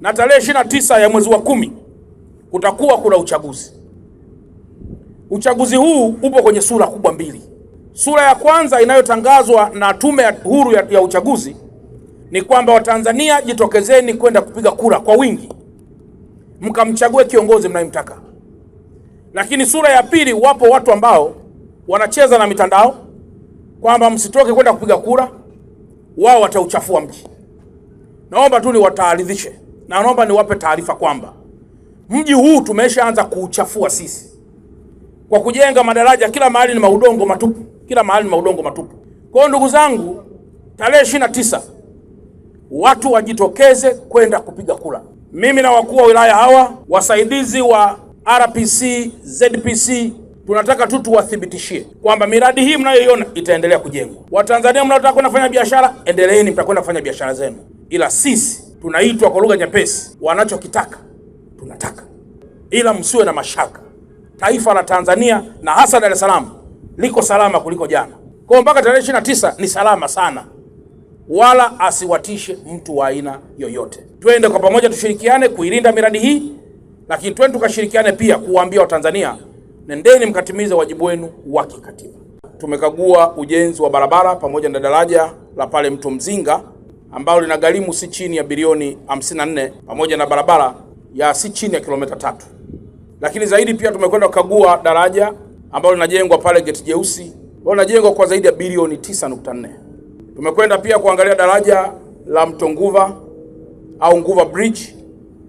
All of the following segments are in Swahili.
na tarehe ishirini na tisa ya mwezi wa kumi kutakuwa kuna uchaguzi. Uchaguzi huu upo kwenye sura kubwa mbili. Sura ya kwanza inayotangazwa na Tume Huru ya, ya Uchaguzi ni kwamba Watanzania jitokezeni kwenda kupiga kura kwa wingi, mkamchague kiongozi mnayemtaka. Lakini sura ya pili, wapo watu ambao wanacheza na mitandao kwamba msitoke kwenda kupiga kura, wao watauchafua mji. Naomba tu wataaridhishe na naomba niwape taarifa kwamba mji huu tumeshaanza kuuchafua sisi kwa kujenga madaraja kila mahali ni maudongo matupu, kila mahali ni maudongo matupu. Kwa hiyo ndugu zangu, tarehe ishirini na tisa watu wajitokeze kwenda kupiga kura. Mimi na wakuu wa wilaya hawa wasaidizi wa RPC, ZPC tunataka tu tuwathibitishie kwamba miradi hii mnayoiona itaendelea kujengwa. Watanzania mnaotaka kwenda kufanya biashara, endeleeni, mtakwenda kufanya biashara zenu, ila sisi tunaitwa kwa lugha nyepesi, wanachokitaka tunataka, ila msiwe na mashaka, taifa la Tanzania na hasa Dar es Salaam liko salama kuliko jana. Kwa mpaka tarehe tisa ni salama sana, wala asiwatishe mtu wa aina yoyote. Twende kwa pamoja, tushirikiane kuilinda miradi hii, lakini twende tukashirikiane pia kuwaambia Watanzania, nendeni mkatimize wajibu wenu wa kikatiba. Tumekagua ujenzi wa barabara pamoja na daraja la pale Mto Mzinga ambalo lina si chini ya bilioni 54 pamoja na barabara ya si chini ya kilomita tatu. Lakini zaidi pia tumekwenda kukagua daraja ambalo linajengwa pale Geti Jeusi ambalo linajengwa kwa zaidi ya bilioni 9.4. Tumekwenda pia kuangalia daraja la Mto Nguva au Nguva Bridge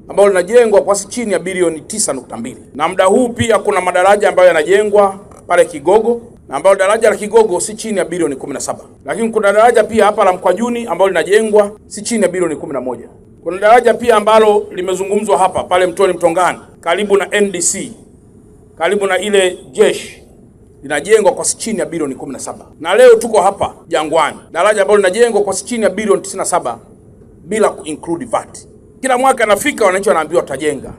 ambalo linajengwa kwa si chini ya bilioni 9.2, na muda huu pia kuna madaraja ambayo yanajengwa pale Kigogo ambalo daraja la Kigogo si chini ya bilioni 17, lakini kuna daraja pia hapa la Mkwajuni ambalo linajengwa si chini ya bilioni 11. Kuna daraja pia ambalo limezungumzwa hapa pale mtoni Mtongani karibu na NDC karibu na ile jeshi linajengwa kwa si chini ya bilioni 17, na leo tuko hapa Jangwani, daraja ambalo linajengwa kwa si chini ya bilioni 97 bila ku include VAT. Kila mwaka nafika wananchi wanaambiwa tutajenga,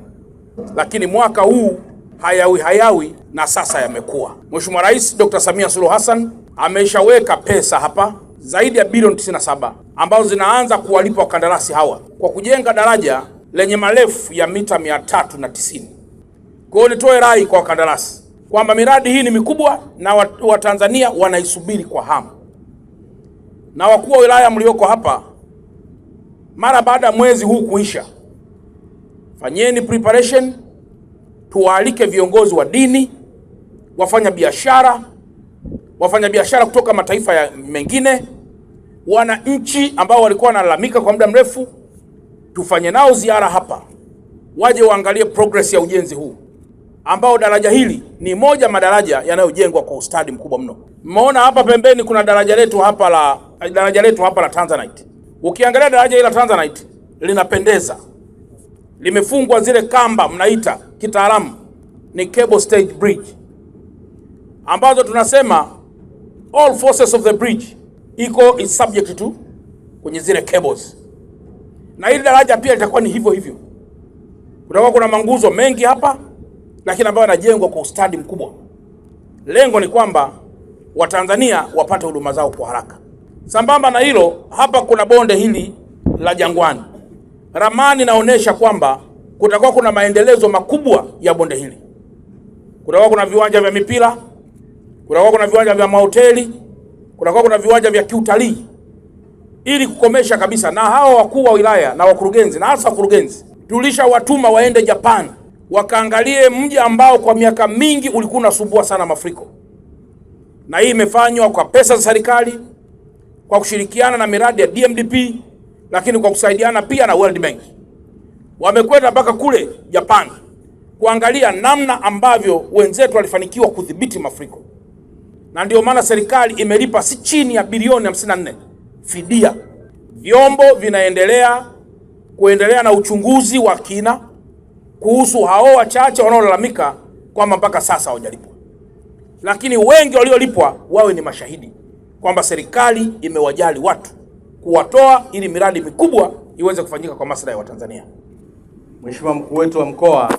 lakini mwaka huu hayawi hayawi na sasa yamekuwa. Mheshimiwa Rais Dr. Samia Suluhu Hassan ameshaweka pesa hapa zaidi ya bilioni 97 ambazo zinaanza kuwalipa wakandarasi hawa kwa kujenga daraja lenye marefu ya mita 390. Kwa hiyo nitoe rai kwa wakandarasi kwamba miradi hii ni mikubwa na Watanzania wanaisubiri kwa hamu, na wakuu wa wilaya mlioko hapa, mara baada ya mwezi huu kuisha, fanyeni preparation tuwaalike viongozi wa dini, wafanya biashara, wafanya biashara kutoka mataifa ya mengine, wananchi ambao walikuwa wanalalamika kwa muda mrefu, tufanye nao ziara hapa, waje waangalie progress ya ujenzi huu ambao daraja hili ni moja madaraja yanayojengwa kwa ustadi mkubwa mno. Mmeona hapa pembeni kuna daraja letu hapa la daraja letu hapa la Tanzanite. Ukiangalia daraja hili la Tanzanite linapendeza, limefungwa zile kamba mnaita kitaalamu ni cable stayed bridge, ambazo tunasema all forces of the bridge iko is subject to kwenye zile cables, na hili daraja pia litakuwa ni hivyo hivyo. Kutakuwa kuna manguzo mengi hapa, lakini ambayo yanajengwa kwa ustadi mkubwa. Lengo ni kwamba Watanzania wapate huduma zao kwa haraka. Sambamba na hilo, hapa kuna bonde hili la Jangwani. Ramani inaonyesha kwamba kutakuwa kuna maendelezo makubwa ya bonde hili. Kutakuwa kuna viwanja vya mipira, kutakuwa kuna viwanja vya mahoteli, kutakuwa kuna viwanja vya kiutalii ili kukomesha kabisa. Na hawa wakuu wa wilaya na wakurugenzi na hasa wakurugenzi tulishawatuma waende Japan wakaangalie mji ambao kwa miaka mingi ulikuwa unasumbua sana mafuriko, na hii imefanywa kwa pesa za serikali kwa kushirikiana na miradi ya DMDP, lakini kwa kusaidiana pia na World Bank wamekwenda mpaka kule japan kuangalia namna ambavyo wenzetu walifanikiwa kudhibiti mafuriko, na ndio maana serikali imelipa si chini ya bilioni 54 fidia. Vyombo vinaendelea kuendelea na uchunguzi wa kina kuhusu hao wachache wanaolalamika kwamba mpaka sasa hawajalipwa, lakini wengi waliolipwa wawe ni mashahidi kwamba serikali imewajali watu kuwatoa ili miradi mikubwa iweze kufanyika kwa maslahi ya Watanzania. Mheshimiwa mkuu wetu wa mkoa,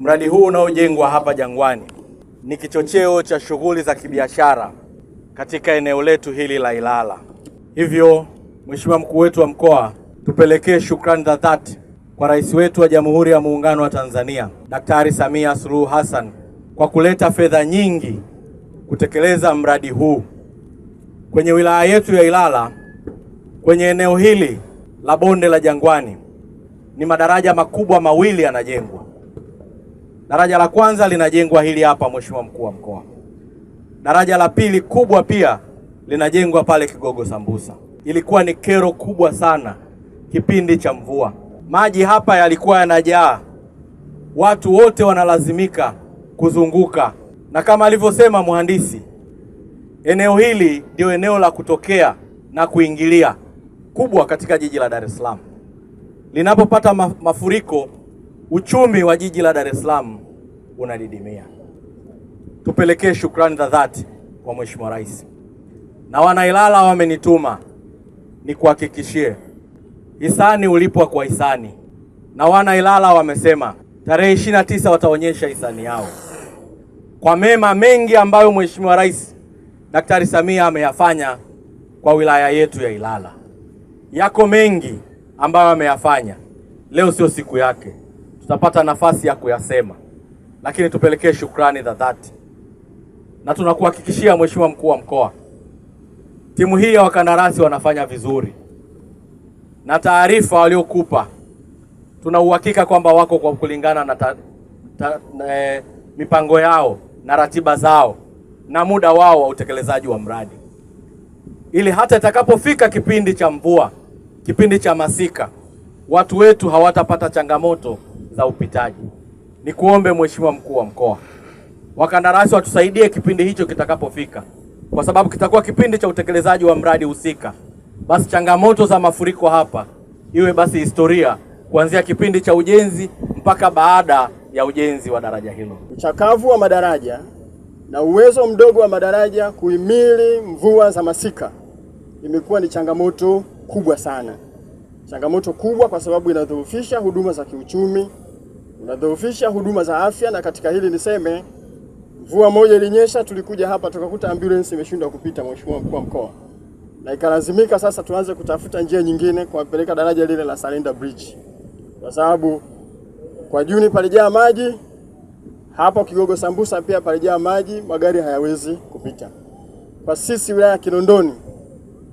mradi huu unaojengwa hapa Jangwani ni kichocheo cha shughuli za kibiashara katika eneo letu hili la Ilala. Hivyo Mheshimiwa mkuu wetu wa mkoa, tupelekee shukrani za dhati kwa rais wetu wa Jamhuri ya Muungano wa Tanzania Daktari Samia Suluhu Hassan kwa kuleta fedha nyingi kutekeleza mradi huu kwenye wilaya yetu ya Ilala, kwenye eneo hili la bonde la Jangwani ni madaraja makubwa mawili yanajengwa. Daraja la kwanza linajengwa hili hapa, Mheshimiwa Mkuu wa Mkoa. Daraja la pili kubwa pia linajengwa pale Kigogo Sambusa. Ilikuwa ni kero kubwa sana kipindi cha mvua, maji hapa yalikuwa yanajaa, watu wote wanalazimika kuzunguka, na kama alivyosema mhandisi, eneo hili ndio eneo la kutokea na kuingilia kubwa katika jiji la Dar es Salaam linapopata mafuriko, uchumi wa jiji la Dar es Salaam unadidimia. Tupelekee shukrani za dhati kwa Mheshimiwa Rais na wanailala wamenituma nikuhakikishie hisani ulipwa kwa hisani, na wanailala wamesema tarehe ishirini na tisa wataonyesha hisani yao kwa mema mengi ambayo Mheshimiwa Rais Daktari Samia ameyafanya kwa wilaya yetu ya Ilala. Yako mengi ambayo ameyafanya. Leo sio siku yake, tutapata nafasi ya kuyasema, lakini tupelekee shukrani za dhati, na tunakuhakikishia Mheshimiwa Mkuu wa Mkoa, timu hii ya wakandarasi wanafanya vizuri, na taarifa waliokupa tuna uhakika kwamba wako kwa kulingana na ta, ta, e, mipango yao na ratiba zao na muda wao wa utekelezaji wa mradi, ili hata itakapofika kipindi cha mvua Kipindi cha masika watu wetu hawatapata changamoto za upitaji. Nikuombe Mheshimiwa mkuu wa mkoa, wakandarasi watusaidie kipindi hicho kitakapofika, kwa sababu kitakuwa kipindi cha utekelezaji wa mradi husika. Basi changamoto za mafuriko hapa iwe basi historia, kuanzia kipindi cha ujenzi mpaka baada ya ujenzi wa daraja hilo. Uchakavu wa madaraja na uwezo mdogo wa madaraja kuhimili mvua za masika imekuwa ni changamoto kubwa sana, changamoto kubwa, kwa sababu inadhoofisha huduma za kiuchumi, inadhoofisha huduma za afya. Na katika hili niseme, mvua moja ilinyesha, tulikuja hapa tukakuta ambulance imeshindwa kupita, Mheshimiwa Mkuu wa Mkoa, na ikalazimika sasa tuanze kutafuta njia nyingine kuwapeleka daraja lile la Salenda Bridge, kwa sababu kwa Juni palijaa maji hapo Kigogo Sambusa pia palijaa maji, magari hayawezi kupita. Kwa sisi wilaya ya Kinondoni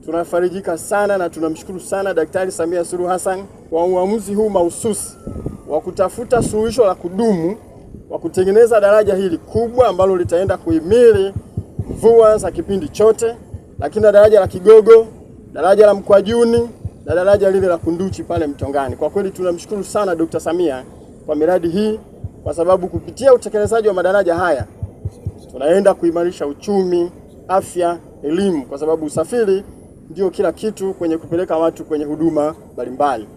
Tunafarijika sana na tunamshukuru sana Daktari Samia Suluhu Hassan kwa uamuzi huu mahususi wa kutafuta suluhisho la kudumu wa kutengeneza daraja hili kubwa ambalo litaenda kuhimili mvua za kipindi chote, lakini na daraja la Kigogo, daraja la Mkwajuni na daraja lile la Kunduchi pale Mtongani. Kwa kweli tunamshukuru sana Dr. Samia kwa miradi hii, kwa sababu kupitia utekelezaji wa madaraja haya tunaenda kuimarisha uchumi, afya, elimu, kwa sababu usafiri ndio kila kitu kwenye kupeleka watu kwenye huduma mbalimbali.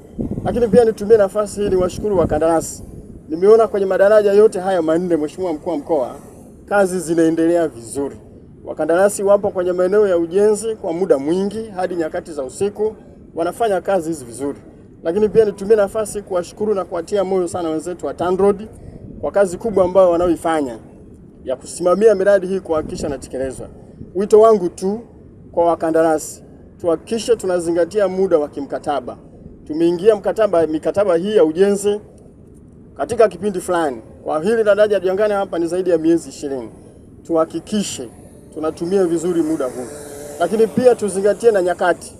Lakini pia nitumie nafasi hii niwashukuru wakandarasi. Nimeona kwenye madaraja yote haya manne, Mheshimiwa Mkuu wa Mkoa, kazi zinaendelea vizuri. Wakandarasi wapo kwenye maeneo ya ujenzi kwa muda mwingi hadi nyakati za usiku, wanafanya kazi hizi vizuri. Lakini pia nitumie nafasi kuwashukuru na kuwatia moyo sana wenzetu wa TANROADS kwa kazi kubwa ambayo wanaoifanya ya kusimamia miradi hii kuhakikisha inatekelezwa. Wito wangu tu kwa wakandarasi tuhakikishe tunazingatia muda wa kimkataba. Tumeingia mkataba mikataba hii ya ujenzi katika kipindi fulani. Kwa hili la daraja Jangwani hapa ni zaidi ya miezi ishirini. Tuhakikishe tunatumia vizuri muda huu, lakini pia tuzingatie na nyakati.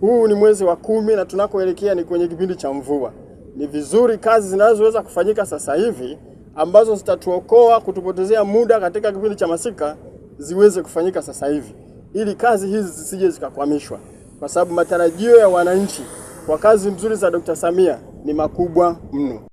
Huu ni mwezi wa kumi na tunakoelekea ni kwenye kipindi cha mvua. Ni vizuri kazi zinazoweza kufanyika sasa hivi ambazo zitatuokoa kutupotezea muda katika kipindi cha masika ziweze kufanyika sasa hivi ili kazi hizi zisije zikakwamishwa, kwa sababu matarajio ya wananchi kwa kazi nzuri za Dkt. Samia ni makubwa mno.